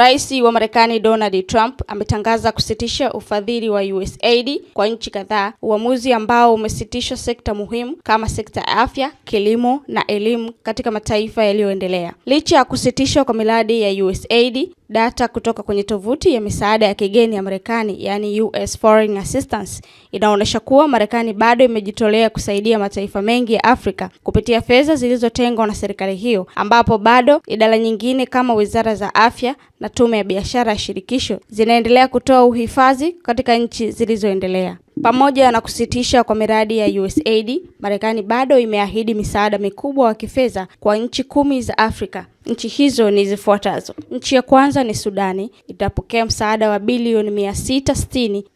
Rais wa Marekani Donald Trump ametangaza kusitisha ufadhili wa USAID kwa nchi kadhaa, uamuzi ambao umesitisha sekta muhimu kama sekta ya afya, kilimo na elimu katika mataifa yaliyoendelea. Licha ya kusitishwa kwa miradi ya USAID, Data kutoka kwenye tovuti ya misaada ya kigeni ya Marekani, yani US Foreign Assistance, inaonyesha kuwa Marekani bado imejitolea kusaidia mataifa mengi ya Afrika kupitia fedha zilizotengwa na serikali hiyo, ambapo bado idara nyingine kama wizara za afya na tume ya biashara ya shirikisho zinaendelea kutoa uhifadhi katika nchi zilizoendelea. Pamoja na kusitisha kwa miradi ya USAID, Marekani bado imeahidi misaada mikubwa wa kifedha kwa nchi kumi za Afrika Nchi hizo ni zifuatazo. Nchi ya kwanza ni Sudani, itapokea msaada wa bilioni mia sita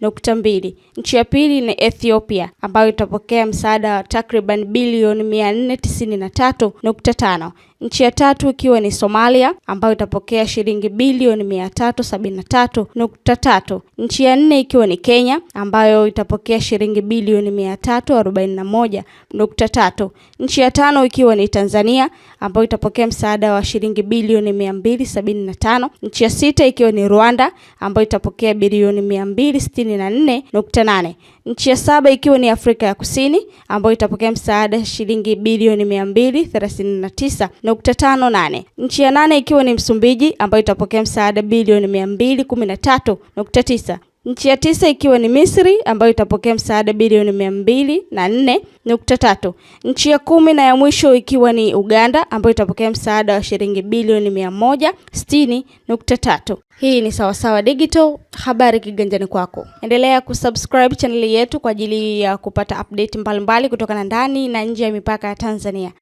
nukta mbili. Nchi ya pili ni Ethiopia ambayo itapokea msaada wa takriban bilioni mia nne tisini na tatu nukta tano. Nchi ya tatu ikiwa ni Somalia ambayo itapokea shilingi bilioni mia tatu sabini na tatu nukta tatu. Nchi ya nne ikiwa ni Kenya ambayo itapokea shilingi bilioni mia tatu arobaini na moja nukta tatu. Nchi ya tano ikiwa ni Tanzania ambayo itapokea msaada wa shilingi shilingi bilioni 275, nchi ya sita ikiwa ni Rwanda ambayo itapokea bilioni 264.8, nchi ya saba ikiwa ni Afrika ya Kusini ambayo itapokea msaada shilingi bilioni 239.58, nchi ya nane ikiwa ni Msumbiji ambayo itapokea msaada bilioni 213.9 nchi ya tisa ikiwa ni Misri ambayo itapokea msaada bilioni mia mbili na nne nukta tatu. Nchi ya kumi na ya mwisho ikiwa ni Uganda ambayo itapokea msaada wa shilingi bilioni mia moja sitini nukta tatu. Hii ni Sawasawa Digital, habari kiganjani kwako. Endelea kusubscribe chaneli yetu kwa ajili ya kupata update mbalimbali kutoka na ndani na nje ya mipaka ya Tanzania.